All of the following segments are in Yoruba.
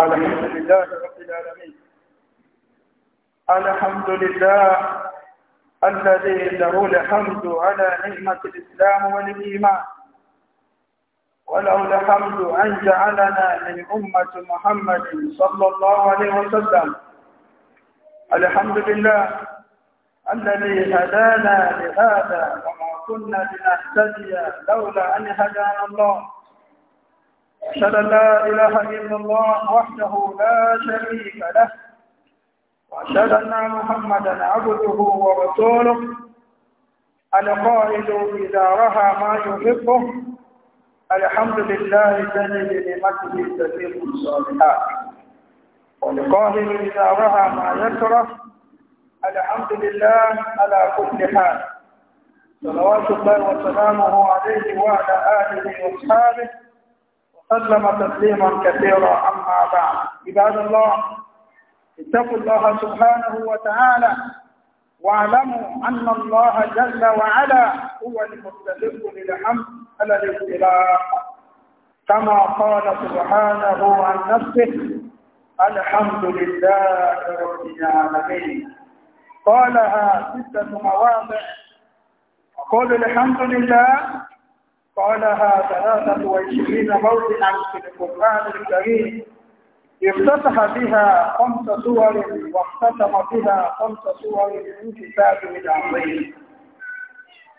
الحمد لله رب العالمين الحمد لله الذي له الحمد على نعمة الإسلام والإيمان وله الحمد أن جعلنا من أمة محمد صلى الله عليه وسلم الحمد لله الذي هدانا لهذا وما كنا لنهتدي لولا أن هدانا الله أشهد أن لا إله إلا الله وحده لا شريك له وأشهد أن محمدا عبده ورسوله القائد إذا رها ما يحبه الحمد لله الذي بنعمته سبيل الصالحات والقاهر إذا رها ما يكره الحمد لله على كل حال صلوات الله وسلامه عليه وعلى آله وأصحابه سلم تسليما كثيرا أما بعد عباد الله اتقوا الله سبحانه وتعالى واعلموا أن الله جل وعلا هو المستحق للحمد على الابتلاء كما قال سبحانه عن نفسه الحمد لله رب العالمين قالها ستة مواضع وقول الحمد لله قالها 23 موضعا في القرآن الكريم افتتح بها خمس سور واختتم بها خمس سور من كتابه العظيم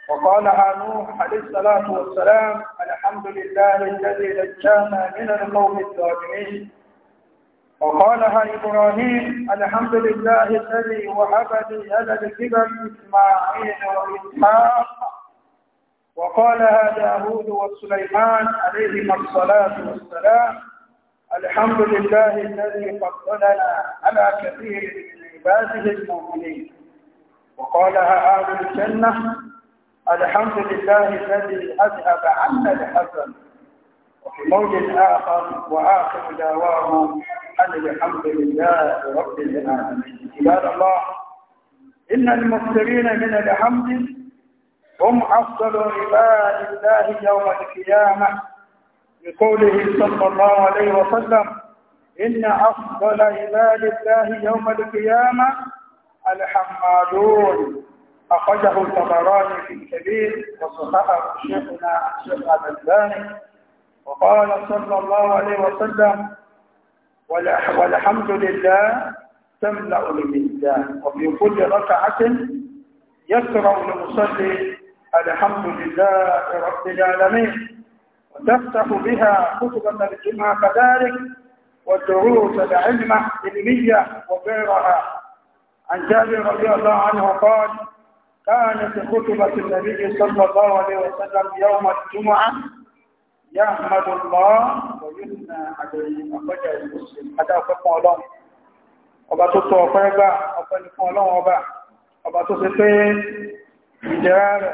وقالها نوح عليه الصلاة والسلام الحمد لله الذي نجانا من القوم الظالمين وقالها إبراهيم الحمد لله الذي وهب لي هذا الكبر إسماعيل وإسحاق وقالها داود وسليمان عليهما الصلاة والسلام الحمد لله الذي فضلنا على كثير من عباده المؤمنين وقالها أهل الجنة الحمد لله الذي أذهب عنا الحزن وفي موج آخر وآخر دعواهم أن الحمد لله رب العالمين عباد الله إن المفترين من الحمد هم أفضل عباد الله يوم القيامة بقوله صلى الله عليه وسلم إن أفضل عباد الله يوم القيامة الحمادون أخرجه الطبراني في الكبير وصححه شيخنا الشيخ الألباني وقال صلى الله عليه وسلم والحمد لله تملأ الميزان وفي كل ركعة يكره المصلي الحمد لله رب العالمين وتفتح بها خطبة الجمعة كذلك ودروس العلمة علمية وغيرها عن جابر رضي الله عنه قال كانت خطبة النبي صلى الله عليه وسلم يوم الجمعة يحمد الله ويثنى عليه أخرجه المسلم حتى أخذ الله ọba tó tọ ọpẹ́ gbà ọpẹ́ nìkan ọlọ́run ọba ọba tó ṣe pé ìjẹ́rẹ́ rẹ̀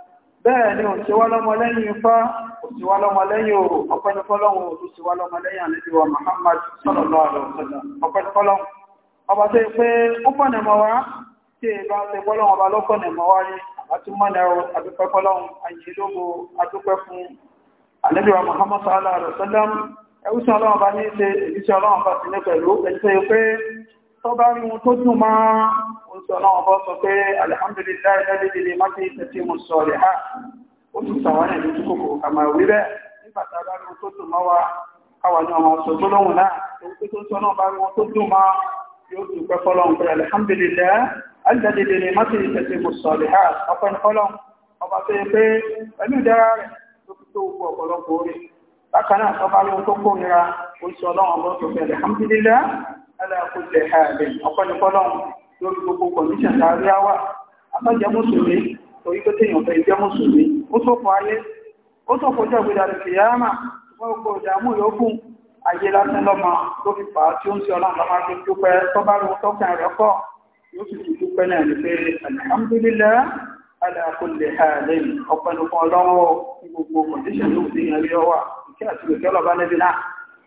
bẹ́ẹ̀ ni òṣèwá lọ́mọ lẹ́yìn ifá òṣèwá lọ́mọ lẹ́yìn òrò ọpẹ́nifọ́lọ́hun òṣèwá lọ́mọ lẹ́yìn àlejò Muhammad sallallahu alaihi wasallam ọpẹ́nifọ́lọ́hun ọba tó pé ó pọ̀nẹ̀mọ̀ wá tí èbá ti gbọ́lọ́hun ọba lọ́pọ̀nẹ̀mọ̀ wá ní àtúmọ̀nẹ̀rọ adúpẹ́fọ́lọ́hun àyèlógo adúpẹ́ fún àlejò Muhammad sallallahu alaihi wasallam ẹwùsàn tó bá rí wọn tó dùn máa ó sọ náà bọ́ sọ pé alhamdulillah ìdádédédé má ti tẹ̀sí mo sọ rẹ̀ ha ó tún sàwọn ẹ̀mí tí kò kò kà máa wí bẹ́ẹ̀ nígbà tá a bá rí wọn tó dùn máa wa káwa ọba tó yẹ pé ẹnu ìdára rẹ̀ ló fi tó gbọ́ ọ̀pọ̀lọpọ̀ orí bákan náà sọ bá rí wọn tó kórira ọgbọ́n tó fẹ́ alákòóso ààrẹ ọ̀pọ̀lọpọ̀lọ́hún lórí gbogbo kọ̀míṣàn tààrí àwà àtọ́jẹ́ mùsùlùmí torí pé téèyàn fẹ́ jẹ́ mùsùlùmí ó tó fọ ayé ó tó fọjọ́ ìgbéra rẹ̀ kìí yáàmà wọ́n kó ìdààmú yòókù ayé lásán lọ́mọ ló fi fà á tí ó ń ṣe ọlọ́run lọ́mọ fi dúpẹ́ tó bá lóun tọ́kàn rẹ̀ pọ̀ yóò sì fi dúpẹ́ náà ní pé alhamdulillah alákòóso ààrẹ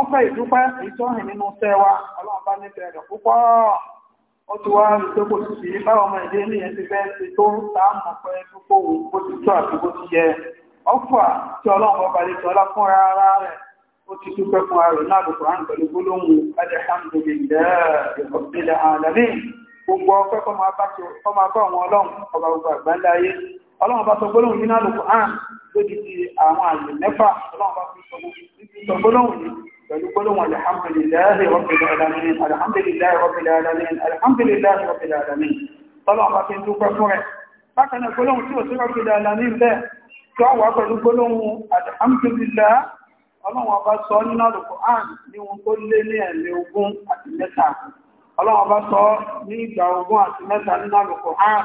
ọpẹ́ ìdúpẹ́ ìtọ́hìn nínú tẹ́wà ọlọ́ọ̀bá nífẹ̀ẹ́ rẹ̀ púpọ̀ ó ti wá rí pé kò sì sí báwọn ọmọ ìdí ènìyàn ti fẹ́ ṣe tó láàmú pé púpọ̀ wò bó ti tọ́ àti bó ti yẹ ọfà tí ọlọ́run ọba lè tọ́lá fún ara rẹ̀ ó ti dúpẹ́ fún ara rẹ̀ náà lùkùrọ̀ pẹ̀lú gbólóhùn alhamdulilayi gbogbo ọpẹ́ ọlọ́run bá sọgbọ́lọ́hùn nínú Al-Qur'an lójú ti àwọn àyè mẹ́fà ọlọ́run bá sọgbọ́lọ́hùn ní pẹ̀lú gbọ́lọ́hùn alhamdulillahi rabbil alamin alhamdulillahi rabbil alamin alhamdulillahi rabbil alamin tọ́lọ́run bá fi ń dúpẹ́ fún rẹ̀ bákan náà gbọ́lọ́hùn tí ò sí rabbil alamin bẹ́ẹ̀ tó wà pẹ̀lú gbọ́lọ́hùn alhamdulillah ọlọ́run bá sọ nínú al ní ìgbà ogún àti mẹ́ta nínú Al-Qur'an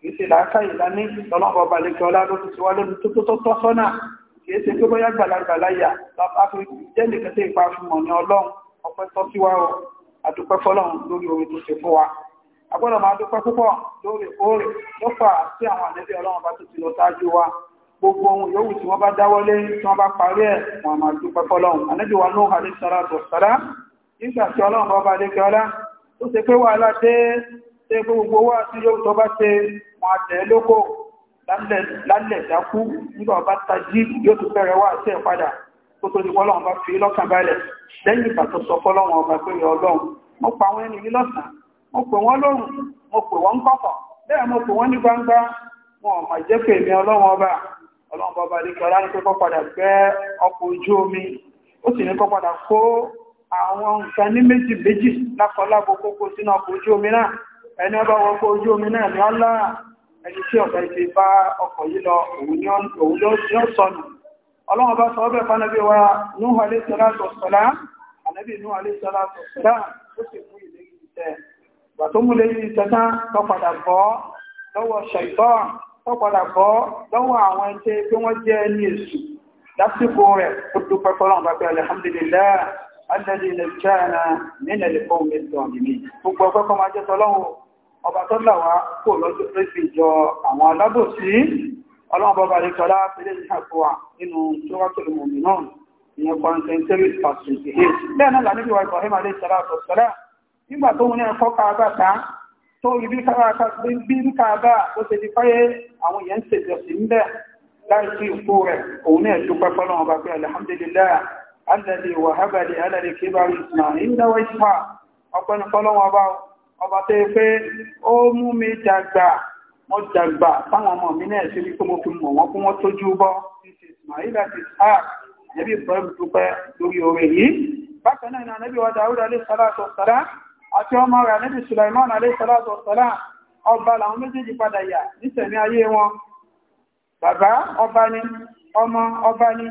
kìí ṣe làákà ìlàní lọ́lọ́pọ̀ balẹ̀kẹ́ ọlá ló fi ṣíwá lónìí tó tó tọ́ sọ́nà kìí ṣe pé bóyá gbàlagbà láyà láfi jẹ́ nìkan tí ipa fún mọ̀ ní ọlọ́run ọpẹ́ tọ́ sí wa o àdúpẹ́ fọlọ́run lórí orin tó ṣe fún wa agbọ́dọ̀ máa dúpẹ́ púpọ̀ lóòrèkóòrè ló fà sí àwọn ànẹ́bí ọlọ́run bá tó ti lọ sáájú wa gbogbo ohun yòówù tí wọ́n bá dáwọ́lé tí wọ́n bá parí ẹ̀ wọ́n máa dúpẹ́ fọlọ́run ànẹ́bí wa lóhùn àdé sara tó sara nígbà tí ọlọ́run bá bá dé kí ọlá tó ṣe pé wàhálà dé tẹ́ gbogbo wá sí yóò tọ́ bá tẹ́ wọn àtẹ́ lókò lálẹ̀ dákú nígbà ọba tají yóò tún bẹ̀rẹ̀ wá sí ẹ̀ padà kó tó di pọ́lọ́wọ́n bá fi lọ́kàn balẹ̀ lẹ́yìn ìgbà tó sọ fọ́lọ́wọ́n ọba pé ọlọ́run mo mo pè wọ́n lóhùn mo pè wọ́n kọ́kọ̀ bẹ́ẹ̀ mo pè wọ́n ní gbangba wọn ò mà jẹ́ pé èmi ọlọ́run ọba ọlọ́run bọba lè gbọ́lá ní ó sì ní kọ́ padà kó àwọn nǹkan ní méjì méjì lákọ̀ọ́lábò kókó sínú ọkọ̀ ojú omi náà ẹni ọba wọpọ̀ ojú omi náà ni ọlá ẹni tí ọ̀fẹ́ ti bá ọkọ̀ yìí lọ òun ló sọnù ọlọ́run bá sọ ọbẹ̀ fánàbí wa núhà lè sọ́lá sọ̀sọ̀lá ànábì núhà lè sọ́lá sọ̀sọ̀lá ó sì mú ilé yìí tẹ́ gbà tó mú lé yìí tẹ́tá tó padà bọ́ lọ́wọ́ ṣàìtọ́ tó padà bọ́ lọ́wọ́ àwọn ẹjẹ́ pé wọ́n jẹ́ ẹni èṣù lásìkò rẹ̀ ó dúpẹ́ fọ́lọ́run bá pé alhamdulillah alladhi najjana min al-qawmi adh-dhalimin gbogbo ọpẹ́ kọ́ máa jẹ́ tọ́lọ́run ọba tó làwá kò lọ́jọ́ pẹ́sì ìjọ àwọn alábòsí ọlọ́run bọ́ba lè tọ́lá pẹ̀lẹ́ ìṣàkóhà nínú Suratul Mu'minun ìyẹn kọ́ńtẹ́ntẹ́rì pàṣẹ bẹ́ẹ̀ náà lànà ìwà Ibrahim alayhi salatu wassalam nígbà tó ní ẹ̀kọ́ kaaba ta tó rí bí kaaba ó ṣe di fáyé àwọn èèyàn ṣe jọsí ń bẹ̀ láì alhamdulillah alladhi wahaba ala al-kibari Isma'il wa Ishaq ọpẹ́ ni fọ́lọ́run ọba tó yẹ pé ó mú mi dàgbà mo dàgbà táwọn ọmọ mi náà ṣe wípé mo fi mọ̀ wọ́n fún wọn tójú bọ́ ṣíṣe ismaila ti sá ẹbí ibrahim dúpẹ́ lórí oore yìí bákan náà nàbí wa dáúdà alẹ́ sálàtọ̀ sálà àti ọmọ rẹ̀ nàbí sulaiman alẹ́ sálàtọ̀ sálà ọba làwọn méjèèjì padà yà nítẹ̀mí ayé wọn bàbá ọba ni ọmọ ọba ni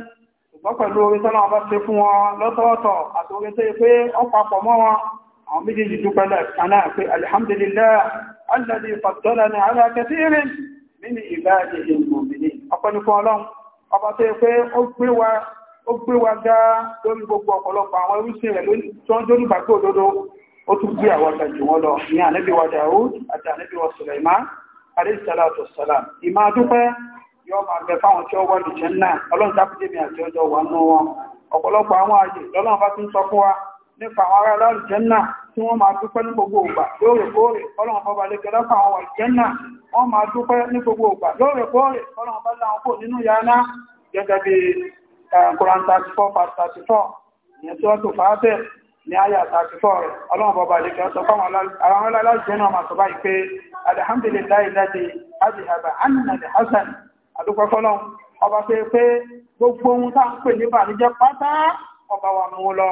ṣùgbọ́n pẹ̀lú oore tọ́lá ọba ṣe fún wọn lọ́tọ̀ọ̀tọ̀ àti oore tó yẹ pé ọ papọ̀ mọ́ wọn àwọn méjèèjì dúpẹ́ kanáà pé alhamdulillah alladhi faddalana ala kathirin nínú ìbáàdì ìmòmìnì ọpẹ́nukọ́ ọlọ́run ọba tó pé ó gbé wa gá lórí gbogbo ọ̀pọ̀lọpọ̀ àwọn irúsìn rẹ̀ tó ń jórí gbàgbé òdodo ó tún tí ó wà nípa àwọn ará lálùjẹ́nà tí wọ́n máa dúpẹ́ ní gbogbo ògbà lóòrèkóòrè ọlọ́run bọ́ba lékẹ́ lọ́pàá àwọn àlùjẹ́nà wọ́n máa dúpẹ́ ní gbogbo ògbà lóòrèkóòrè ọlọ́run bá láwọn kò nínú yáná gẹ́gẹ́ bí Quran 34 past 34 ní ẹ̀tọ́ tó fàátẹ̀ ní àyà 34 rẹ̀ ọlọ́run bọ́ba lékẹ́ sọ fáwọn ará lálùjẹ́nà máa sọ báyìí pé alhamdulillahi láti adìhàbà annàdì hasan àdúpẹ́ fọ́lọ́run ọba pé pé gbogbo ohun tá ń pè ní bàníjẹ́ pátá ọba wà mú lọ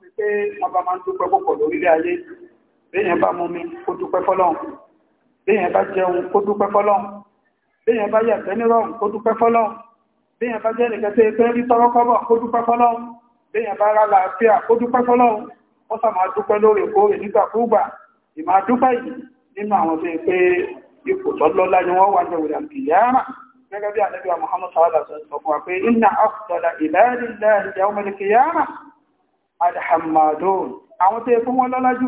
pé wọ́n bá máa ń dúpẹ́ púpọ̀ lórílẹ̀ ayé béèyàn bá mú mi kó dúpẹ́ fọ́lọ́run béèyàn bá jẹun kó dúpẹ́ fọ́lọ́run béèyàn bá yàgbẹ́ nírọ̀rùn kó dúpẹ́ fọ́lọ́run béèyàn bá jẹ́ nìkan tẹ́ pé rí tọ́rọ́kọ́bọ̀ kó dúpẹ́ fọ́lọ́run béèyàn bá rà láàfíà kó dúpẹ́ fọ́lọ́run wọ́n sà máa dúpẹ́ lóòrèkóòrè nígbàkúùgbà ìmá dúpẹ́ yìí nínú àwọn tó pé ipò tọ́lọ́lá ni wọ́n wà jẹ́wèrè àmì ìyára gẹ́gẹ́ bí àlẹ́bíà Muhammad sallallahu alaihi wa sallam sọ fún wa pé inna afdala ibadillahi yawmal qiyamah alhammadun àwọn tó fún wọn lọ́lá jù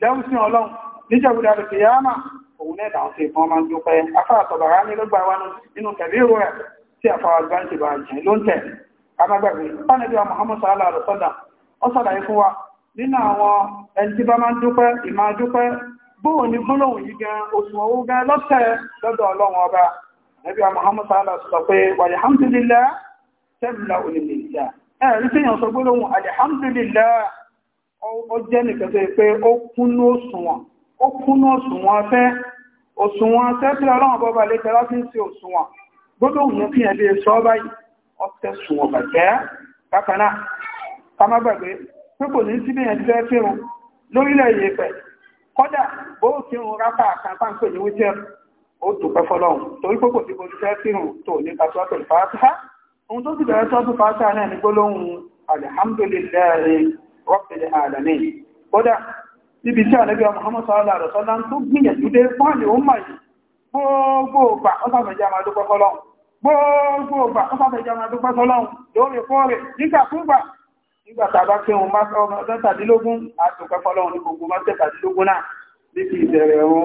lẹ́hùn sí ọlọ́run níjẹ̀wúdà rẹ̀ kìyàmà òun náà àwọn tó fún ọmọ dúpẹ́ afáàtọ̀bàrá ní ló gbà wá nínú kẹ̀lé rẹ̀ tí àfàwà gbáǹtì bá jẹ́ ló ń tẹ̀ amágbàgbé pánẹ́bí wa Muhammad sallallahu alaihi wasallam ó sàlàyé fún wa nínú àwọn ẹni tí bá máa ń dúpẹ́ ìmá dúpẹ́ bóò ní gbólóhùn yìí gan òṣùwọ̀n owó gan lọ́tẹ̀ lọ́dọ̀ ọlọ́run ọba ẹbí Muhammad sallallahu alaihi wasallam pé wàlẹ̀ hamdulillah tẹ́bùlà onílẹ̀ ẹ̀rí tí yàn sọ gbólóhùn alhamdulillah ó jẹ́ nìkan tó pé ó kúnnú òṣùwọ̀n ó kúnnú òṣùwọ̀n afẹ́ òṣùwọ̀n afẹ́ tí ọlọ́run bọ́ba lè tẹ́lá fi ń ṣe òṣùwọ̀n gbólóhùn ní fi ẹ̀dẹ́ sọ báyìí ọ̀tẹ̀ bàjẹ́ bákaná kama gbàgbé pé kò ní síbí yẹn fẹ́ fírun lórílẹ̀ yìí pẹ̀ kọ́dà bó ti ń rápá kan páńpẹ̀ ní wíjẹ́ ó dùpẹ́ fọlọ́run torí ohun tó sì bẹ̀rẹ̀ sọ́tún fásá náà ní gbólóhùn alhamdulillahi rabbil alamin kódà níbi tí ànábì Muhammad sallallahu alaihi wasallam tó gbìyànjú dé fún àlè ó mà yìí gbogbo ọgbà ọsàfẹ̀já máa dúpẹ́ fọ́lọ́hun gbogbo ọgbà ọsàfẹ̀já máa dúpẹ́ fọ́lọ́hun lóòrèkóòrè nígbàkúgbà nígbà tàbá pé òun bá ọmọ mẹ́tàdínlógún àtùpẹ́ fọ́lọ́hun ní gbogbo mẹ́tàdínlógún náà níbi ìbẹ̀rẹ̀ ẹ̀rùn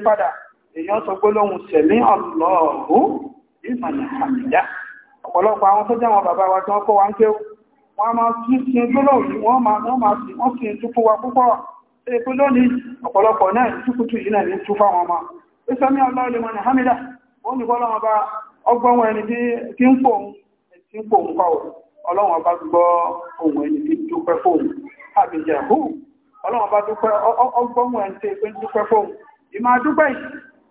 wa bá èyàn sọ pé lóhun tẹ̀lé ọlọ́ọ̀hún ìmọ̀nà àmìdá ọ̀pọ̀lọpọ̀ àwọn tó jẹ́ wọn bàbá wa tí wọ́n kọ́ wa ń ké wọ́n máa fi sin gbólóhùn wọ́n máa fi wọ́n fi túkú wa púpọ̀ ṣe pé lónìí ọ̀pọ̀lọpọ̀ náà túkútù yìí náà ní tú fáwọn ọmọ ó sọ mí ọlọ́ọ̀ lè mọ̀nà àmìdá ó ní bọ́lọ́ wọn bá ọgbọ́n wọn ẹni tí ń pò ń tí ń pò ń kọ́ ọlọ́run dúpẹ́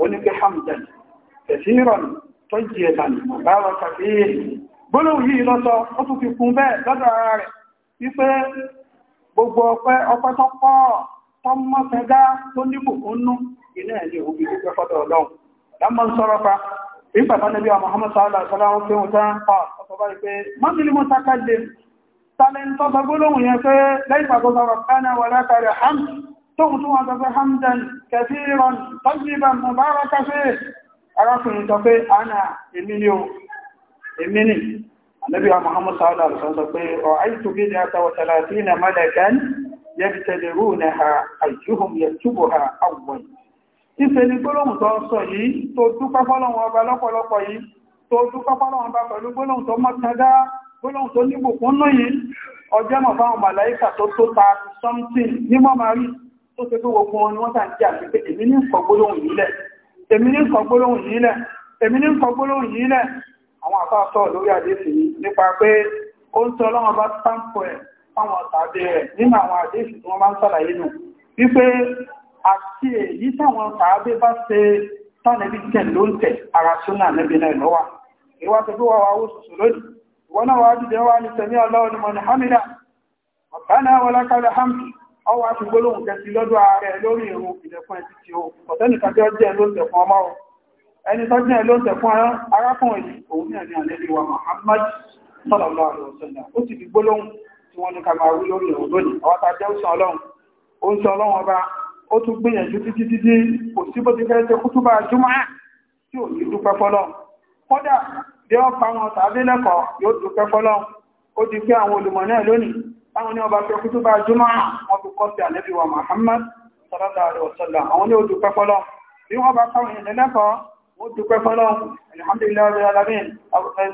oníkẹ́ hamdan tẹ̀síran tó jẹ ìlànà bára kàfíì gbólóhùn yìí lọ́sọ ara rẹ̀ wípé gbogbo ọpẹ́ ọpẹ́ tó pọ̀ tó mọ́ fẹ́gá tó níbù kúnnú ilé ẹ̀ ní òbí gbígbẹ́ fọ́dọ̀ ọlọ́run lámọ́ ń sọ̀rọ̀ pa nígbà tó níbi àwọn Muhammad tóhun tó wọ́n sọ pé hamdan kathiran tayyiban mubaraka fihi arákùnrin sọ pé ana èmi ni o èmi ni anábíwa muhammadu sallallahu alaihi wasallam sọ pé ọ tó sọ yìí tó pẹ̀lú gbólóhùn tó mọ́tàdá gbólóhùn tó níbùkún nú yìí ọjọ́ fáwọn màláíkà tó tó ta something ní mọ́ máa rí tó ṣe pé gbogbo wọn ni wọ́n tàn jẹ́ èmi ní nǹkan gbólóhùn èmi ní nǹkan gbólóhùn èmi ní nǹkan gbólóhùn àwọn àfáàsọ lórí àdéhùn nípa pé ó ń sọ wọ́n náà wà wà wà ní sẹ́mi ọlọ́run mọ̀ ní hamida ọ̀tá ọwọ́ a ti gbólóhùn kẹsí lọ́dọ̀ ààrẹ lórí ìrun ìdẹ̀kùn ẹ̀sì tí ó ọ̀tẹ́nìkan tí ó jẹ́ ló ń tẹ̀kùn ọmọ ọ̀ ẹni tó jẹ́ ló ń tẹ̀kùn arákùnrin òun ní ẹ̀ni àlẹ́bí wa Muhammad sallallahu alaihi wasallam ó ti di gbólóhùn tí wọ́n ní kàmà wí lórí ìrun lónìí ọwọ́ ta jẹ́ òsàn ọlọ́run ó ń sọ ọlọ́run ọba ó tún gbìyànjú títí títí kò sí bó ti fẹ́ ṣe kútúbà júmọ́ tí ò ní dúpẹ́ fọ́lọ́ kódà bí ó pa wọn tàbí lẹ́kọ̀ọ́ yóò dúpẹ́ fọ́lọ́ ó di pé táwọn ní ọba pé kú tó bá jùmọ́ wọn fi kọ́ sí ànẹ́bí wa Muhammad sallallahu alaihi wasallam àwọn ní ojú pẹ́pọ́lọ́ bí wọ́n bá táwọn èèyàn lẹ́kọ̀ọ́ wọ́n dúpẹ́ fọ́lọ́ alhamdulillah alamin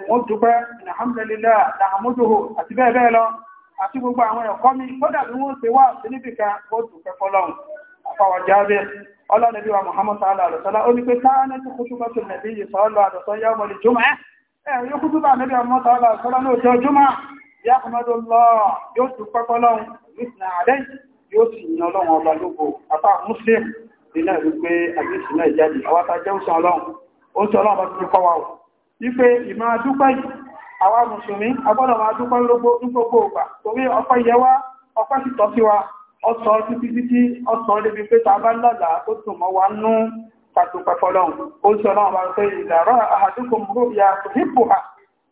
wọ́n dúpẹ́ alhamdulillah alhamduhu àti bẹ́ẹ̀ bẹ́ẹ̀ lọ àti gbogbo àwọn ẹ̀kọ́ mi kódà ní pé káánà يحمد الله يوسف فقلون مثل عليه يوسف من الله sì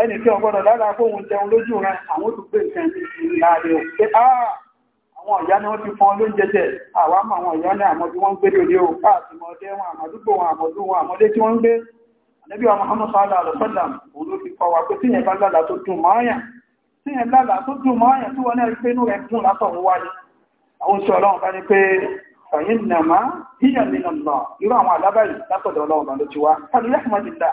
ẹni tí ọgbọ́dọ̀ lára fóhun jẹun lójú rẹ àwọn tó gbé nǹkan láàrin òkè ah, àwọn ìyá ni wọ́n ti fọn lóúnjẹ jẹ àwọn àmọ́ àwọn ìyá ní àmọ́ bí wọ́n ń gbé lórí o káàkiri mọ́ ọdẹ wọn àmọ́dúgbò wọn àmọ́dú wọn àmọ́dé tí wọ́n ń gbé ànẹ́bí àlọ́sọ́là òun ló fi kọ́ wa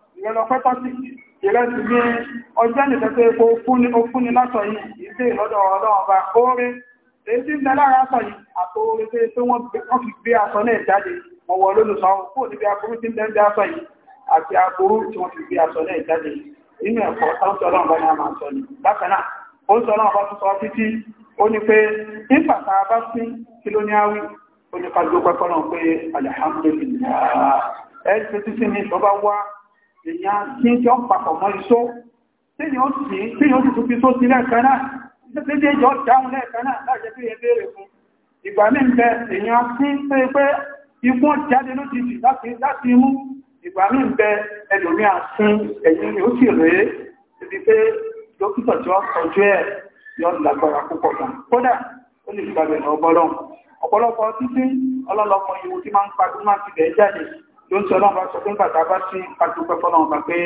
ìyẹn lọ pẹ́pọ́ sí ìrẹ́ ti gbé ọjọ́ nìkan pé epo fúnni látọ̀ yìí ìgbé lọ́dọ̀ ọlọ́run ọba oore èyí tí ń bẹ lára aṣọ yìí àtò oore pé pé wọ́n fi gbé aṣọ náà jáde wọ́n wọ lónìí sọ kó níbi aburú tí ń bẹ ń bẹ aṣọ yìí àti aburú tí wọ́n fi gbé aṣọ náà jáde pé nígbà tá a títí ní ìṣọ́ wá èyàn tí ń jọ papọ̀ mọ́ iṣó tí yóò sì tún fi só sí lẹ́ẹ̀kan náà tí yóò dáhùn lẹ́ẹ̀kan náà láìjẹ́ pé ẹ béèrè fún ìgbà mí bẹ èyàn tí ń pé pé ikú jáde lójijì láti imú ìgbà mí bẹ ẹlòmí àsín ẹ̀yìn ni ó sì rèé ibi pé dókítà tí wọ́n tọ́jú ẹ̀ yọ lágbára púpọ̀ gan kódà ó lè gbàgbẹ̀ ọgbọ́lọ́ ọ̀pọ̀lọpọ̀ títí ọlọ́lọpọ̀ ìwò tí máa ń pa ló ń tí ọlọ́run bá sọ pé bá sí adúpẹ́ bá pé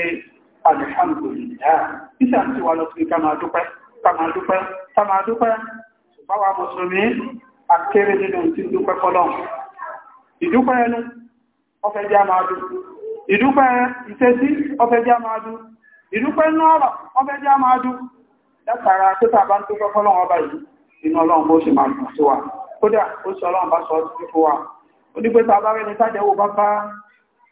alhamdulillah níṣà tí wà lọ sí ká máa dúpẹ́ ká máa dúpẹ́ ká máa dúpẹ́ ṣùgbọ́n wa mùsùlùmí akéré nínú tí dúpẹ́ fọ́lọ́run ìdúpẹ́ ẹnu ọfẹ́ jẹ́ máa dú ìdúpẹ́ ìṣesí ọfẹ́ jẹ́ máa dú ìdúpẹ́ inú ọ̀rọ̀ ọfẹ́ jẹ́ máa dú látara tó tàbá ń dúpẹ́ fọ́lọ́run ọba yìí inú ọlọ́run bó ṣe máa dùn sí wa kódà ó sọ ọlọ́run bá sọ ọ́ sí fún wa onígbé ní sájẹ́wò bá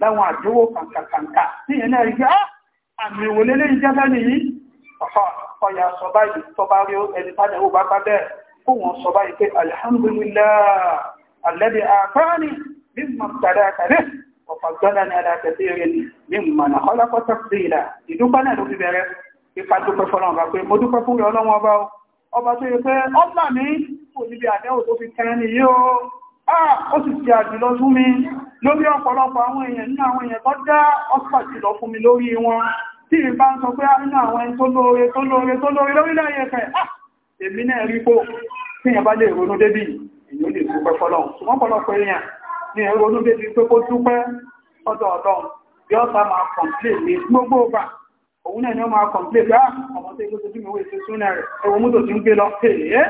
láwọn àdówó kàǹkàǹkà tí yẹn náà rí pé ah! àmì ìwòlé lè jẹ́ fẹ́ nìyí ọ̀yà sọ báyìí tó bá rí ẹni tánà ó bá bá bẹ́ẹ̀ kó wọ́n sọ báyìí pé alhamdulillah alladhi àfáàní mimma tàdáka rẹ̀ ọ̀fàgbọ́nà ní alákẹ̀ẹ́ rẹ̀ mimma na khalaqa tafdila ìdúpá náà ló fi bẹ̀rẹ̀ ipa dúpẹ́ fún ọlọ́wọ́n ọba ọba ó sì ti àjùlọ fún mi lórí ọ̀pọ̀lọpọ̀ àwọn èèyàn nínú àwọn èèyàn tó dá ọ̀pọ̀ àjùlọ fún mi lórí wọn tí ì bá ń sọ pé nínú àwọn ẹni tó lóore tó lóore tó lóore lórílẹ̀ ayé fẹ̀ èmi náà rí pò tí èèyàn bá lè ronú débì èyí ó lè dúpẹ́ fọlọ́run ṣùgbọ́n ọ̀pọ̀lọpọ̀ èèyàn ni ẹ̀ ronú débì pé kó dúpẹ́ ọ̀dọ̀ ọ̀dọ̀ bí ó sá máa kọ̀ǹplé ní gbogbo ọgbà òun náà ni ó máa kọ̀ǹplé bá ọmọ tó ikú tójú ìwé ìṣẹ́ súnà rẹ̀ ẹwọ mọ́tò tí ń gbé lọ pèé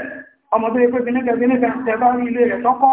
ọmọ tó ikú gínígẹ̀ gínígẹ̀ tẹ bá rí ilé rẹ̀ tọ́kọ́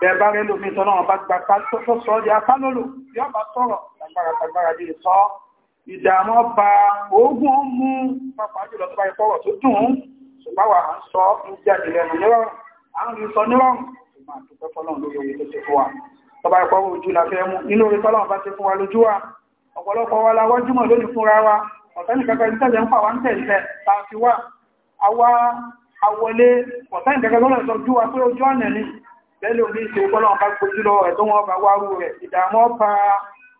bẹ́ẹ̀ bá rẹ lómi tọ́nà ọba gbà tó sọ ọ́ di apánólò yóò bá sọ̀rọ̀ agbára agbára lè sọ ìdààmú ọba oògùn ó mú pàpà jùlọ tó bá yẹ fọwọ́ tó dùn ún ṣùgbọ́n wà á ń sọ ń jáde lẹ́nu nírọ̀rùn à ń rí sọ nírọ̀rùn ṣùgbọ́n àdúpẹ́ fọlọ́run lórí orí tó ti fún wa tó bá yẹ fọwọ́ ojú la fẹ́ mú nínú orí fọlọ́run bá ti fún wa lójú wa ọ̀pọ̀lọpọ̀ wa la wọ́júmọ̀ lónìí fúnra wa ọ̀tẹ́ni kankan ní tẹ̀lé ń fà wá ń tẹ̀lé ta fi wá àwa àwọlé ọ̀tẹ́ni kankan lọ́nà ìtọ́jú lẹ́lò ní ṣe kọ́lọ̀ bá gbójú lọ ẹ̀ tó wọ́n bá wárú rẹ̀ ìdààmú ọ̀pá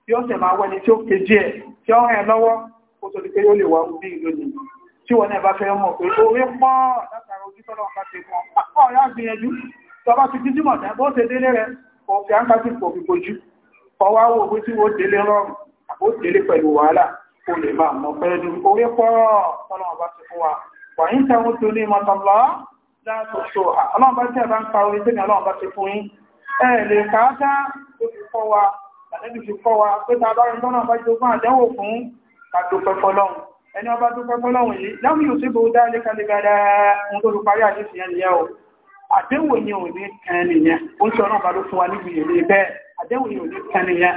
tí ó sì máa wẹ́ni tí ó kejì ẹ̀ tí ó rìn lọ́wọ́ kó tó di pé ó lè wá bí ìlú ni tí wọ́n náà bá fẹ́ mọ̀ pé orí pọ́ látara ojú tọ́lọ̀ bá ti mọ̀ àpọ̀ ọ̀yá gbìyànjú tó bá ti dídí mọ̀tẹ́ bó ṣe délé rẹ̀ ọ̀fẹ́ á ń kájú pò fi bojú ọwá láàtò ṣò ọlọ́run bá tí ẹ̀bá ń ka orin tí ni ọlọ́run bá ti fún yín ẹ lè káátá tó fi fọ́ wa tàbí fi fọ́ wa pé ta bá rin tọ́nà bá jẹ ogún àdẹ́wò fún kàdùpẹ́ fọlọ́run ẹni ọba dúpẹ́ fọlọ́run yìí láwọn yóò sí gbogbo dáadé kalẹ̀gada ohun tó fi parí àdísì yẹn nìyẹn o àdéhùn yìí ò ní kan nìyẹn ó ń sọ ọlọ́run bá ló fún wa níbi ìrè bẹ́ẹ̀ àdéhùn yìí ò ní kan nìyẹn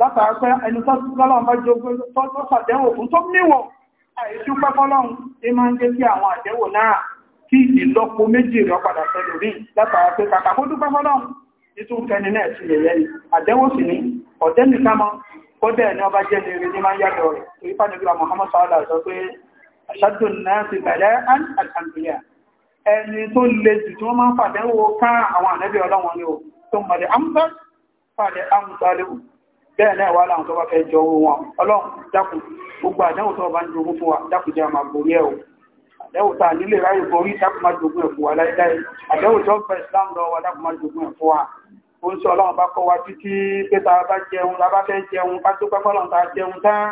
látàá pé ẹni tó lọ́lọ́run bá jogún tó sàdéhùn fún tó níwọ̀n àìsí pẹ́ fọlọ́run ní máa ń jẹ́ sí tí ìlọ́po méjì rẹ̀ padà sẹ́lò rí látara pé kàkà kó dúpẹ́ fọ́lọ́run títún kẹni náà ti yẹ̀yẹ́ ni àdẹ́wò sì ní ọ̀tẹ́ nìkan mọ́ kọ́dẹ̀ ẹni ọba jẹ́ ní rí ní máa ń yàtọ̀ rẹ̀ torí pàdébíra Muhammad sallallahu sọ pé aṣáájú náà ti bẹ̀rẹ̀ án àtàndùyà ẹni tó le jù tí wọ́n máa ń fàdẹ́wò ká àwọn ànẹ́bí ọlọ́wọ́n ni ó tó mọ̀lẹ̀ amúsá fàdé amúsá léwu bẹ́ẹ̀ náà wà láwọn tó bá àdẹ́wò tàà nílé ráyè borí dákùnmá jogun ẹ̀fọ́ wa láíláí àdẹ́wò tó fẹ́ islam lọ wa dákùnmá jogun ẹ̀fọ́ wa ó ń sọ ọlọ́run bá kọ́ wa títí pé tá a bá jẹun la bá fẹ́ jẹun ká tó pẹ́ a jẹun tán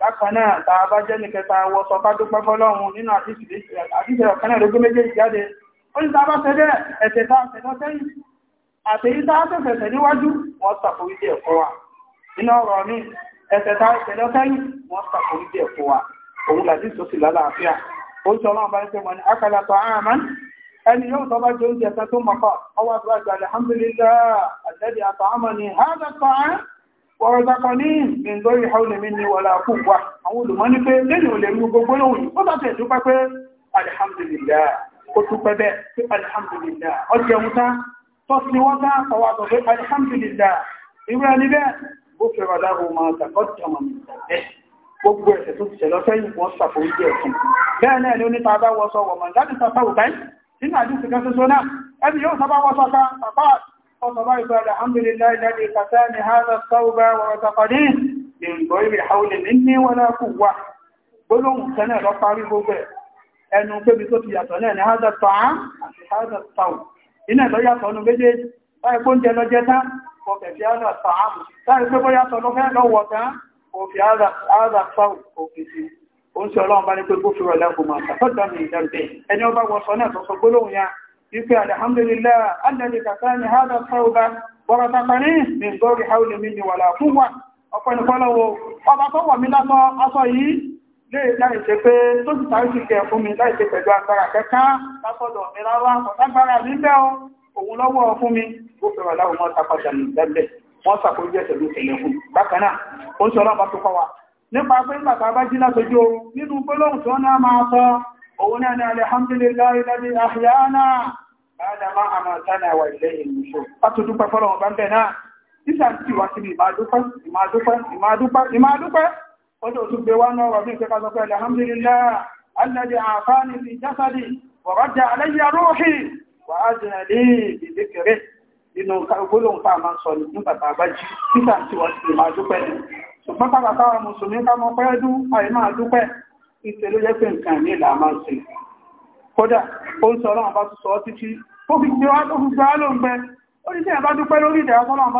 bákan náà tá a bá jẹ́ nìkẹ́ tá a sọ ká tó pẹ́ fọ́lọ́run nínú àdíṣẹ́ ọ̀kan náà lógún méjèèjì jáde ó ní tá a bá fẹ́ bẹ́ẹ̀ ẹ̀sẹ̀ tá a fẹ́ lọ sẹ́yìn àtẹ̀yí tá a fẹ́ fẹ̀sẹ̀ níwájú wọ́n ṣàforíjì ẹ̀fọ́ wa nínú ọ̀rọ̀ mi ẹ̀sẹ̀ tá a fẹ́ lọ sẹ́yìn wọ́n ṣàforíjì ẹ̀fọ́ wa òun làdí sọ sí lálàáfíà ó sọ ọlọ́run bá ń sẹ́wọ̀n ní akálàtọ̀ àmán ẹni yóò sọ bá jẹ oúnjẹ kan tó mọ̀kọ́ ọwọ́ àti wájú alhamdulillah alladhi at'amani hadha ta'am wa razaqani min ghairi hawlin minni wala quwwa àwọn olùmọ́ ní pé lẹ́yìn ò lè mú gbogbo lóhùn ó bá tẹ̀ dúpẹ́ pé alhamdulillah ó dúpẹ́ bẹ́ẹ̀ pé gbogbo ẹ̀ṣẹ̀ tó ti ṣẹlọ sẹ́yìn wọ́n ṣàforí jẹ́ ẹ̀sìn bẹ́ẹ̀ náà ni ó nípa bá wọ́sọ wọ̀mọ̀ láti sàtà òtáì nínú àdúgbò kan ṣoṣo náà yóò ọ̀sọ̀ bá ìfẹ́ kan òfin àádà sáwù òfin sí òun sí ọlọ́run bá ní pé gbófinró ẹlẹ́gùn máa tàbátà mi ìdàgbé ẹni ọba wọ̀sọ náà tó sọ gbólóhùn ya wípé alhamdulillah alẹ́lẹ́ kàtà ní àádà sáwù bá wọ́rọ̀ tàbá láì ṣe pé tó sì sáré sí kẹ fún mi láì ṣe pẹ̀lú agbára kẹta látọ̀dọ̀ mi rárá ọ̀tágbára mi bẹ́ lọ́wọ́ fún mi gbófinró ẹlẹ́gùn máa tàbátà mi ìdàgbé wọ́n sàkójú ẹ̀sẹ̀ ló tẹ̀lé fún bákan náà ó ń sọ ọlọ́pàá tó kọ́ wa nípa pé nígbà tá a bá jí lásojú oorun nínú gbólóhùn tí wọ́n náà máa sọ òun náà ní alihamdulilayi lẹ́ni àhìyáná àdàmà àmàtánà wà ilé ìlúṣọ́ láti dúpẹ́ fọ́lọ́wọ́n bá ń bẹ̀ náà ìsà ti wá sí ìmàdúpẹ́ ìmàdúpẹ́ ìmàdúpẹ́ ìmàdúpẹ́ ọjọ́ tó nínú gbólóhùn tá a máa ń sọ nínú bàbá àbájí títà tí wọ́n ti máa dúpẹ́ ni ṣùgbọ́n ká bàbá wa mùsùlùmí ká mọ pẹ́ dún àì máa dúpẹ́ ìṣe ló jẹ́ pé nǹkan ní ìlà máa ń ṣe kódà ó ń sọ ọlọ́run bá tún sọ ọ́ títí ó fi gbé wá tó fi gbá ló ń gbẹ ó ní sẹ́yìn bá dúpẹ́ lórí ìdẹ̀ra tọ́lọ́run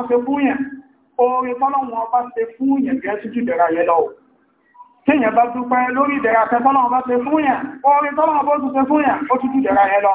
bá ṣe fún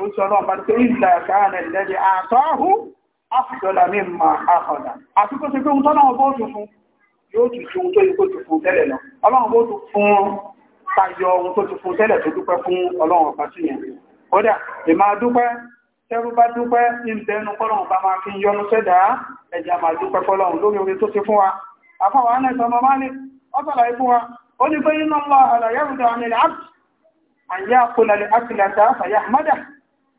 ó sọ náà bá pé ìlà káàrẹ̀ ìlẹ́dẹ̀ àtọ́hù áfìdọ́là ní ma àkọ̀dà àti kó ṣe pé ohun tọ́lọ́wọ́ bó tún fún yóò tún ṣe ohun tó yíkó tún fún tẹ́lẹ̀ lọ ọlọ́run bó tún fún tayọ ohun tó tún fún tẹ́lẹ̀ tó dúpẹ́ fún ọlọ́run ọba sí yẹn kódà ìmá dúpẹ́ tẹ́rú kò lálẹ́ àkìlàtà fàyà mọ́dà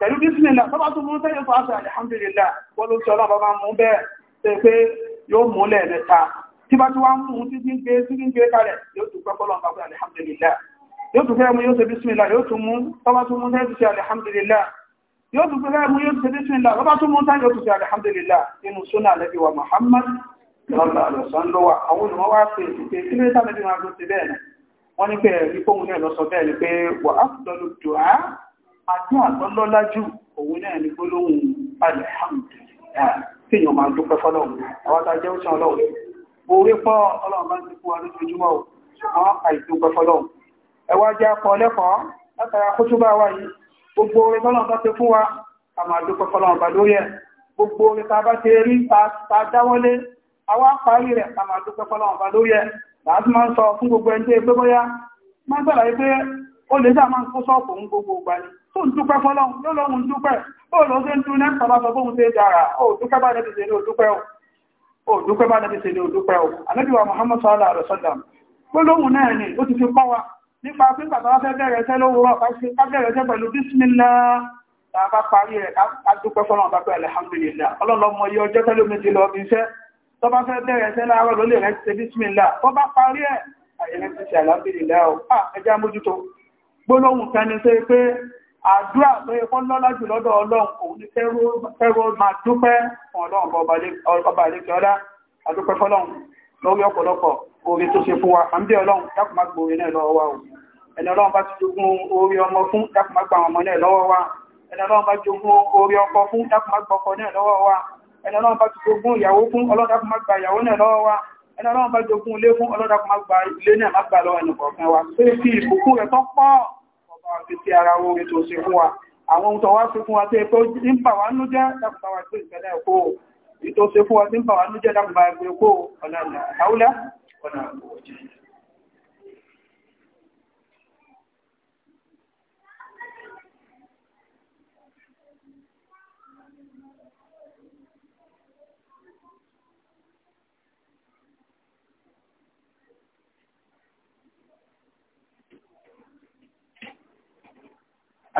pẹ̀lú bísmìlá tọ́bá tó mú tẹ́yẹ fún àṣà alhamdulillah wọ́n ló tí ọlọ́bàá máa mú bẹ́ẹ̀ tẹ́ pé yóò mú lẹ́ẹ̀mẹ́ta tí bá tí wá mú títí gbé títí gbé kalẹ̀ yóò tún pẹ́ pọ́lọ́ nípa alhamdulillah yóò tún fẹ́ mú yóò ṣe bísmìlá yóò tún mú tọ́bá tó mú tẹ́yẹ tún ṣe alhamdulillah yóò tún fẹ́ mú yóò ṣe bísmìlá tọ́bá tó mú tẹ́yẹ tún ṣe alhamdulillah nínú súnà lẹ́bi wa ni pé ẹ̀rí fóun náà lọ bẹ́ẹ̀ ni pé wà á dọ́lu á àti àtọ́lọ́lájú òun náà ní gbólóhùn alhamdulillah tí èèyàn máa dúpẹ́ fọ́lọ́run àwọn tàjẹ́ òṣìṣẹ́ ọlọ́run orí pọ́ ọlọ́run bá ti kú wa lójoojúmọ́ ò ṣùgbọ́n àìdúpẹ́ fọ́lọ́run ẹwà jẹ́ akọ lẹ́kọ̀ọ́ látara kútúbà wa yìí gbogbo orí tọ́lọ́run bá ti fún wa a máa dúpẹ́ fọ́lọ́run bá lórí ẹ̀ gbogbo orí ta bá ti rí ta dáwọ́lé àwa parí rẹ̀ a máa dúpẹ́ fọ́lọ́run bá lórí tó ń dúpẹ́ fọ́lọ́run yóò lọ́run dúpẹ́ ó lọ sí ń dúnẹ́ bàbá sọ bóhun ṣe dára ó dúpẹ́ bá nẹ́bí ṣe ní òdúpẹ́ ó ó dúpẹ́ Muhammad sallallahu alaihi wasallam gbólóhùn ni ó ti fi kọ́ wa nípa pé bàbá fẹ́ bẹ̀rẹ̀ iṣẹ́ lówùrọ̀ ká bẹ̀rẹ̀ iṣẹ́ pẹ̀lú bísmìlá tá parí rẹ̀ ká dúpẹ́ fọ́lọ́run bá alhamdulillah ọlọ́lọ́mọ iye ọjọ́ tẹ́lẹ̀ mi ti lọ bí iṣẹ́ tó bá fẹ́ bẹ̀rẹ̀ iṣẹ́ láàárọ̀ ló lè rẹ̀ ti ṣe bísmìlá tó bá parí ẹ̀ àyẹ̀rẹ̀ alhamdulillah ó ẹja mójútó gbólóhùn kan ni pé àdúrà tó yẹ kọ́ lọ́lá jù lọ́dọ̀ ọlọ́run òun ni kẹ́rọ máa dúpẹ́ fún ọlọ́run ọba àlejò ọlá àdúpẹ́ fọ́lọ́run lórí ọ̀pọ̀lọpọ̀ orí tó ṣe fún wa à ń bí ọlọ́run dákùnmá gbòòrè náà lọ́wọ́ wa ẹni ọlọ́run bá ti jogún orí ọmọ fún dákùnmá gba ọmọ náà lọ́wọ́ wa ẹni ọlọ́run bá jogún orí ọkọ fún dákùnmá gba ọkọ náà lọ́wọ́ wa ẹni ọlọ́run bá ti jogún ìyàwó fún ọlọ́run dákùnmá gba ìyàwó náà lọ́wọ́ wa ẹni ọlọ́run bá jogún ilé fún ọlọ́run dákùnmá gba ilé náà má gbà lọ́wọ́ ẹnì kọ̀ọ̀kan wa tó fi ìbùkún rẹ̀ tó àti tí ara wọn orí tó ṣe fún wa àwọn ohun tó wá sí fún wa tí epo ń bà wá nú jẹ́ dákùnbà wá gbé ìpẹ́lẹ̀ ẹ̀kọ́ ìtò ṣe fún wa tí ń bà wá e ọ̀nà àwúlẹ́ ọ̀nà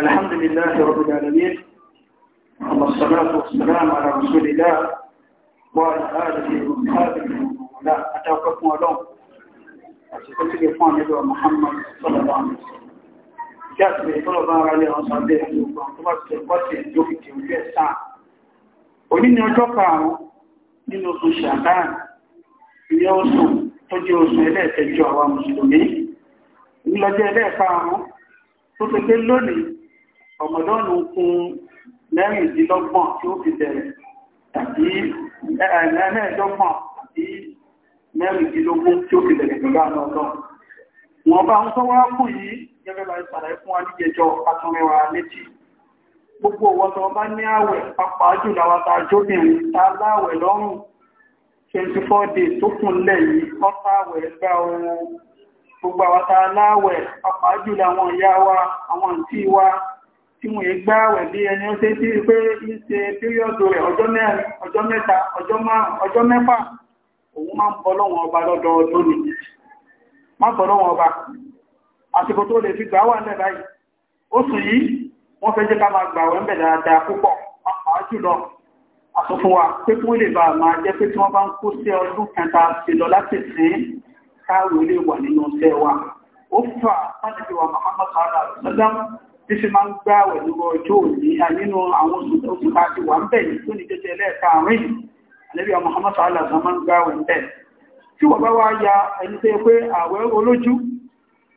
الحمد لله رب العالمين والصلاة والسلام على رسول الله وعلى آله وصحبه ولا أتوقف ولوم أتوقف فان يدعو محمد صلى الله عليه وسلم كاتب بإطلب الله عليه وصحبه وانتبت تلقاتي يوفي وفي الساعة ومن يتوقع من أصول شعبان يوصل tọ́jú oṣù ẹlẹ́ẹ̀kẹjọ àwọn mùsùlùmí ìlọ́jẹ́ ẹlẹ́ẹ̀kàrún tó ti pé ọmọdọ́nù kún mẹ́rìndínlọ́gbọ̀n tí ó fi bẹ̀rẹ̀ tàbí mẹ́rìndínlọ́gbọ̀n tàbí mẹ́rìndínlógún tí ó fi bẹ̀rẹ̀ pẹ̀lú àwọn ọ̀dọ́ wọn bá ń tó wá kù yìí gẹ́gẹ́ bá ìpàdé fún wa níjẹjọ atúnrẹwà létí gbogbo ọwọ́ tó bá ní àwẹ̀ pápá jùlọ àwọn àjóbìnrin tá láwẹ̀ lọ́rùn 24 days tó kùn lẹ̀ yìí ọ́ta àwẹ̀ gbá ohun gbogbo àwọn láwẹ̀ pápá jùlọ àwọn ìyá wa àwọn àǹtí wa tí wọ́n yẹ gbá wẹ̀ bí ẹni ó tẹ́ sí pé ń ṣe píríọ̀dù rẹ̀ ọjọ́ mẹ́ta ọjọ́ mẹ́fà òun máa ń bọ́ lọ́wọ́n ọba lọ́dọọdún ni má bọ́ lọ́wọ́n ọba àsìkò tó lè fi gbà wà lẹ́ báyìí oṣù yìí wọ́n fẹ́ jẹ́ ká máa gbà wẹ̀ ó fà sáàdìbí wa Muhammad sallallahu títí máa ń gbá àwẹ̀ lọ́wọ́ ọjọ́ òní nínú àwọn oṣù ká ti wà ń bẹ̀ ní tó ní jẹ́jẹ́ ẹlẹ́ẹ̀karùn yìí Muhammad sallah sọ máa ń gbá àwẹ̀ ya ẹni tó yẹ pé àwẹ̀ olójú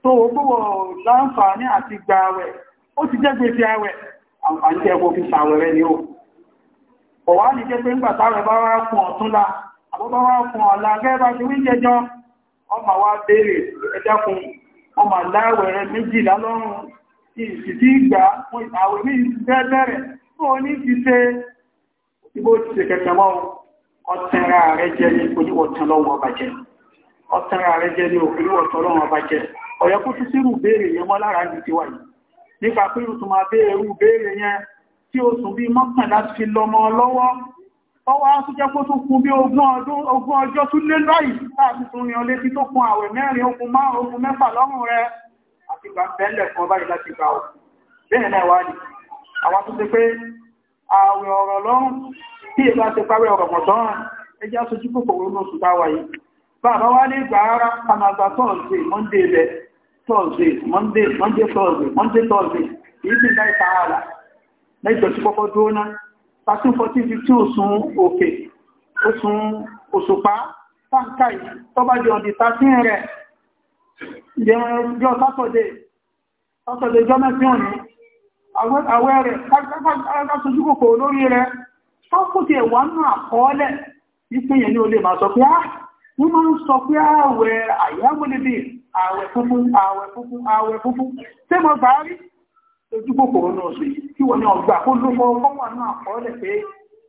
tó o gbówọ̀ láǹfààní àti gba àwẹ̀ ó ti jẹ́ gbèsè àwẹ̀ àǹfààní tẹ́ kó fi ni ó ọ̀wá ní jẹ́ pé ń gbàtàwẹ̀ bá wá fún ọ̀túnla àbọ́bá wá fún ọ̀la gẹ́gbà ti wí jẹjọ ọmọ wa béèrè ẹjẹ́kùn ọmọ aláwẹ̀ méjìlá lọ́rùn ìsìtí ìgbà àwẹ̀ ní ìsìtẹ́bẹ̀rẹ̀ fún oní ti ṣe ibò ti ṣe kẹta mọ́ ọ̀tẹ̀rẹ̀ ààrẹ jẹ́ ní oníwọ̀tán lọ́wọ́ ọbàjẹ́ ọ̀tẹ̀rẹ̀ ààrẹ jẹ́ ní oníwọ̀tán lọ́wọ́ ọbàjẹ́ ọ̀yẹ́kú sí sírù béèrè yẹn mọ́ lára ní tiwa yìí nípa pé o tún máa béèrè béèrè yẹn tí o sùn bí mọ́kànlá ọwọ́ á kó tún kún bí ogún ọjọ́ tún lé láì láti tún rìn ọ létí tó kún àwẹ̀ mẹ́rin ogun márùn-ún mẹ́fà lọ́rùn rẹ̀ ti gbà bẹ́ẹ̀lẹ̀ kan báyìí láti gbà ọ̀ bẹ́ẹ̀ náà wá ní àwọn tó ti pé ààrẹ ọ̀rọ̀ lọ́rùn tí ìbá ti parí ọ̀rọ̀ mọ̀tọ́rùn ẹjá sojú kòkòrò ní oṣù táwà yìí bàbá wá ní ìgbà ara kàmàgbà tọ́ọ̀sì mọ́ndé rẹ̀ tọ́ọ̀sì mọ́ndé mọ́ndé tọ́ọ̀sì mọ́ndé tọ́ọ̀sì èyí ti láì ta ààlà lẹ́jọ́ tí kọ́kọ́ dúró ná 1342 òsùn òkè òsùn òṣùpá fáńkà yìí tọ́bájọ́ ọdí 13 rẹ̀ jẹ́ sátọ̀dẹ̀ sátọ̀dẹ̀ jọ mẹ́sìn òní àwẹ́ rẹ̀ kásojú kòkò lórí rẹ̀ ṣọ́kù ti ẹ̀wà nù àkọọ́lẹ̀ ìpínyẹ̀ ní olè máa sọ pé á ah, wọ́n máa ń sọ pé ààwẹ̀ àyàwólébì ààwẹ̀ funfun ààwẹ̀ funfun ààwẹ̀ funfun tí mo bá rí ojú kòkòrò náà sí kí wọ́n ní ọgbà kó ló fọ́ fọ́pọ̀ náà àkọọ́lẹ̀ pé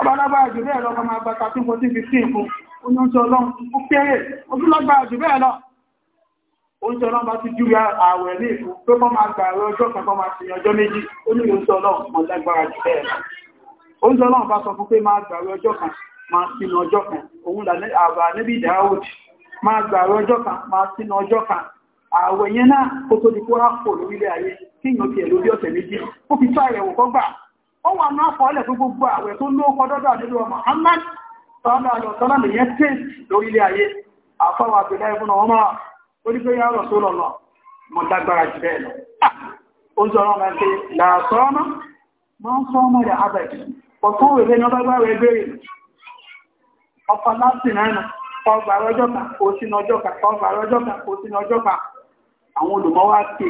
ọba lágbára jù bẹ́ẹ̀ lọ ọmọ àgbà 1314 fún oúnjẹ ọlọ́run ó kéré ojú lágbára jù bẹ́ẹ̀ lọ oúnjẹ ọlọ́run bá ti jú ààwẹ̀ ní ìfún pé kọ́ máa gbà ẹ̀rọ ọjọ́ kan kọ́ máa sì ọjọ́ méjì ó ní oúnjẹ ọlọ́run mọ̀ lágbára jù bẹ́ẹ̀ lọ oúnjẹ ọlọ́run bá sọ fún pé máa gbà ẹ̀rọ ọjọ́ kan máa sì ọjọ́ kan òun là àbà níbi ìdáwòdì máa gbà ẹ̀rọ ọjọ́ kan máa sì ọjọ́ kan ààwẹ̀ yẹn náà kó tó di kó rápò lórílẹ̀ ayé kí ìyàn tiẹ̀ lórí ọ̀sẹ̀ méjì ó fi tó àyẹ̀wò kọ́ ó wà náà fọ́ọ̀lẹ̀ fún gbogbo àwẹ̀ tó ló kọdọ́dọ̀ àdúgbò ọmọ Muhammad sọ́ọ́lá àjọ̀sọ́lá lè yẹn tẹ́ lórílẹ̀ ayé àfọwà àbẹ̀lẹ̀ ìfún ọmọ ó ní pé yá rọ̀ sólọ̀ lọ mọ̀ lágbára jù bẹ́ẹ̀ lọ ó ń sọ ọmọ pé làásọ́ọ́mọ́ máa ń sọ ọmọ rẹ̀ abẹ̀ ọ̀tún òwe ní ọba gbá rẹ̀ béèrè ọkọ̀ láti náà ọgbà rọjọ́ kan kò sínú ọjọ́ kan ọgbà rọjọ́ kan kò sínú ọjọ́ kan àwọn olùmọ́wá pè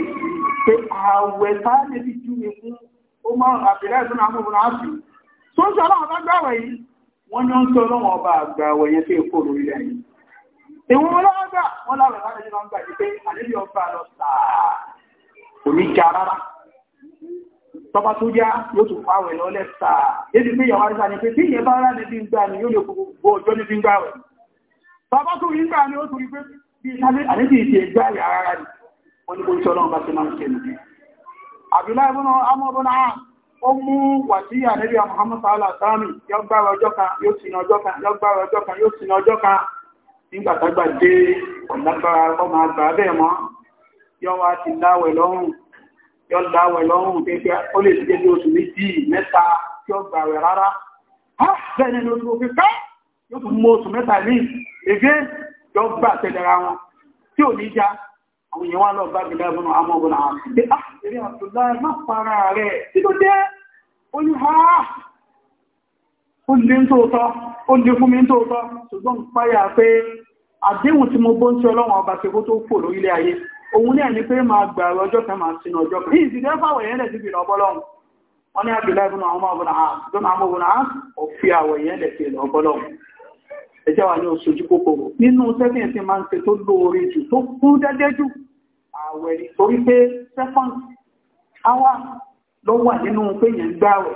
pé ààwẹ̀ sáà lè fi júwe fún ó mọ́ àpìlẹ̀ ìsúná amúhùn áàfì tó ń sọ ọlọ́wọ́ bá gbàwẹ̀ yìí wọ́n ní ó ń sọ ọlọ́wọ́ bá gbàwẹ̀ yẹn tí èkó lórí rẹ̀ já rárá tọba tó já yóò tún fáwẹ̀ lọ lẹ́sà èdè pé yàwó àrísà ni pé tí ìyẹn bá rá ní bí ń gbà ní yóò lè gbogbo ọjọ́ ní bí ń gbàwẹ̀ tọba tó rí gbà ní ó tún rí pé bí ìsàlẹ̀ àlejò ìṣe ìgbà rẹ̀ ara rẹ̀ wọ́n ní bó ń sọ Abdullahi ibn Amr ibn As ó mú wàsíyà Muhammad sallallahu alaihi wasallam yóò gbára ọjọ́ kan yóò sìn ọjọ́ kan yóò gbára ọjọ́ kan yóò sìn ọjọ́ kan nígbàtàgbà dé ọ̀lágbára ọmọ àgbà bẹ́ẹ̀ mọ́ yóò wá ti láwẹ̀ lọ́rùn yóò láwẹ̀ tí ó gbàwẹ̀ rárá bẹ́ẹ̀ ni oṣù òfin pẹ́ yóò tún mú oṣù mẹ́ta ní ègé yóò gbà tẹ̀lera wọn tí ò ní já àwọn èèyàn wá lọ bá bìlá ìbùnú amọ́bùnà àwọn àti àṣírí àtúláì má para rẹ̀ tí ló dé oní ha ó lè ń tóótọ́ ó lè fún mi ń tóótọ́ ṣùgbọ́n páyà pé àdéhùn tí mo bó ń tí ọlọ́wọ̀n ọba ṣe kó tó fò lórílẹ̀ ayé òun ní ẹni pé máa gbà ọjọ́ kan máa sinú ọjọ́ kan yìí ìdílé fáwọn èèyàn lẹ̀ síbi ìlọ́bọ́lọ́hùn wọ́n ní àbìlá ìbùnú àwọn ọmọbùnà òfin àwọ̀ èèyàn lẹ̀ sí ẹjẹ́ wà ní oṣù ojú nínú sẹ́fìn tí máa ń ṣe tó lóore jù tó kún dẹ́gẹ́ jù àwẹ̀ torí pé second hour ló wà nínú pé yẹn ń gbààwẹ̀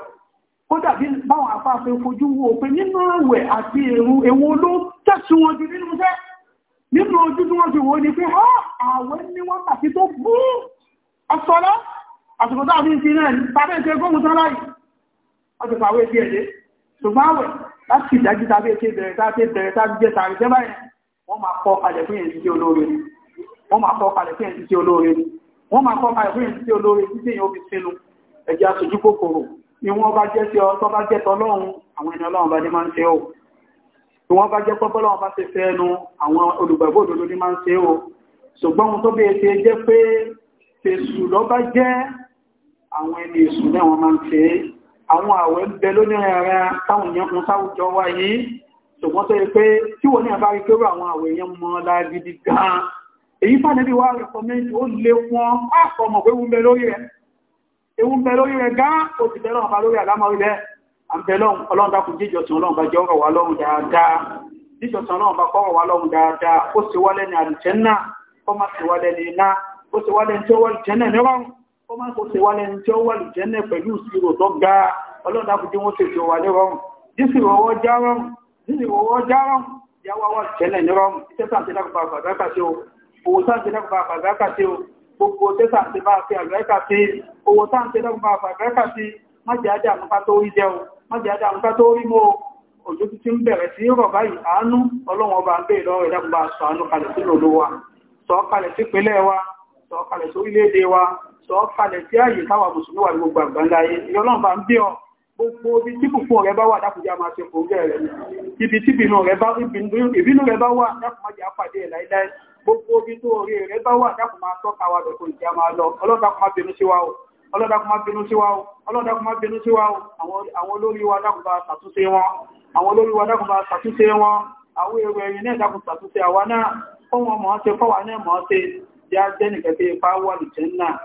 kódà báwọn afáfẹ́ fojú wo pé nínú àwẹ̀ àti èrú ewu ló tẹ̀sùn wọn jù nínú iṣẹ́ nínú ojú tí wọ́n ti wò ní pé ha àwẹ̀ ní wákàtí tó bú ọ̀sọ̀lá àsìkò tó àbí ti náà tàbí ètò ẹgbọ́n tán láì wọ́n ti pàwé sí ẹ̀dẹ́ ṣùgbọ́n àwẹ̀ láti ìdájí tàbí ètò ìbẹ̀rẹ̀ tá wọ́n máa kọ́ kalẹ̀ fún ẹ̀sí olóore wọ́n máa kọ́ kalẹ̀ fún ẹ̀sí olóore títí èyàn fi sínú ẹ̀jẹ̀ aṣojú kòkòrò ni wọ́n bá jẹ́ sí ọtọ́ bá jẹ́ tọ́lọ́run àwọn ẹni ọlọ́run bá ní máa ń ṣe o tí wọ́n bá jẹ́ pọ́pọ́lọ́run bá ṣe fẹ́ ẹnu àwọn olùgbàgbọ́ òdodo ní máa ń ṣe o ṣùgbọ́n ohun tó bẹ́ẹ̀ ṣe jẹ́ pé tèṣù lọ bá jẹ́ àwọn ẹni èṣù náà wọ́n máa ń ṣe àwọn àwẹ̀ ń bẹ lónìí ara táwọn èèyàn fún sáwùjọ wa yìí ṣùgbọ́n tó yẹ pé tí wọ́n ní àbá àwọn àwẹ̀ yẹn mọ́ lágidi gan-an èyí fàdébí wá rẹ̀kọ́mẹ́ntì ó lè wọ́n àkọmọ̀ pé wúnbẹ̀ lórí rẹ̀ ewúnbẹ̀ lórí rẹ̀ gán ó ti bẹ̀rẹ̀ ọ̀pá lórí àlámọ̀ ilẹ̀ àbẹ̀lọ́n ọlọ́ndakùn jíjọsìn ọlọ́run bá jọ́rọ̀ wá lọ́run dáadáa jíjọsìn ọlọ́run bá kọ́rọ̀ wá lọ́run dáadáa ó sì wálẹ̀ ní àlùjẹ́nà ó má sì wálẹ̀ ní iná ó sì wálẹ̀ ní tí ó wà lùjẹ́nà nírọ̀rùn ó má kò owó sáàtì lẹ́gbà àbàgbàkà sí o gbogbo tẹ́sà ti bá fi àgbàkà sí owó sáàtì lẹ́gbà àbàgbàkà sí májẹ̀ ajá àmúká tó rí jẹ́ o májẹ̀ ajá àmúká tó rí mọ́ òjò títí ń bẹ̀rẹ̀ sí rọ̀ báyìí àánú ọlọ́wọ́n ọba ń bè lọ́rọ̀ ìdàgbà sọ̀ánú kalẹ̀ sí lòlò wa sọ̀ọ́kalẹ̀ sí pínlẹ̀ wa sọ̀ọ́kalẹ̀ sí orílẹ̀-èdè wa sí ààyè mùsùlùmí wà ní gbogbo ìyọlọ́run bá ń gbogbo omi tó orí rẹ̀ bá wà dákùn máa tọ́ka wa bẹ̀ kò ìjà máa lọ ọlọ́dàkùn máa bínú sí wa o ọlọ́dàkùn máa bínú sí wa o ọlọ́dàkùn máa bínú sí wa o àwọn olórí wa dákùn bá ṣàtúnṣe wọn àwọn olórí wa dákùn bá ṣàtúnṣe wọn àwọn èrò ẹ̀yìn náà dákùn ṣàtúnṣe àwa náà fọwọ́n mọ̀ ṣe fọwọ́ náà mọ̀ ṣe já jẹ́nìkan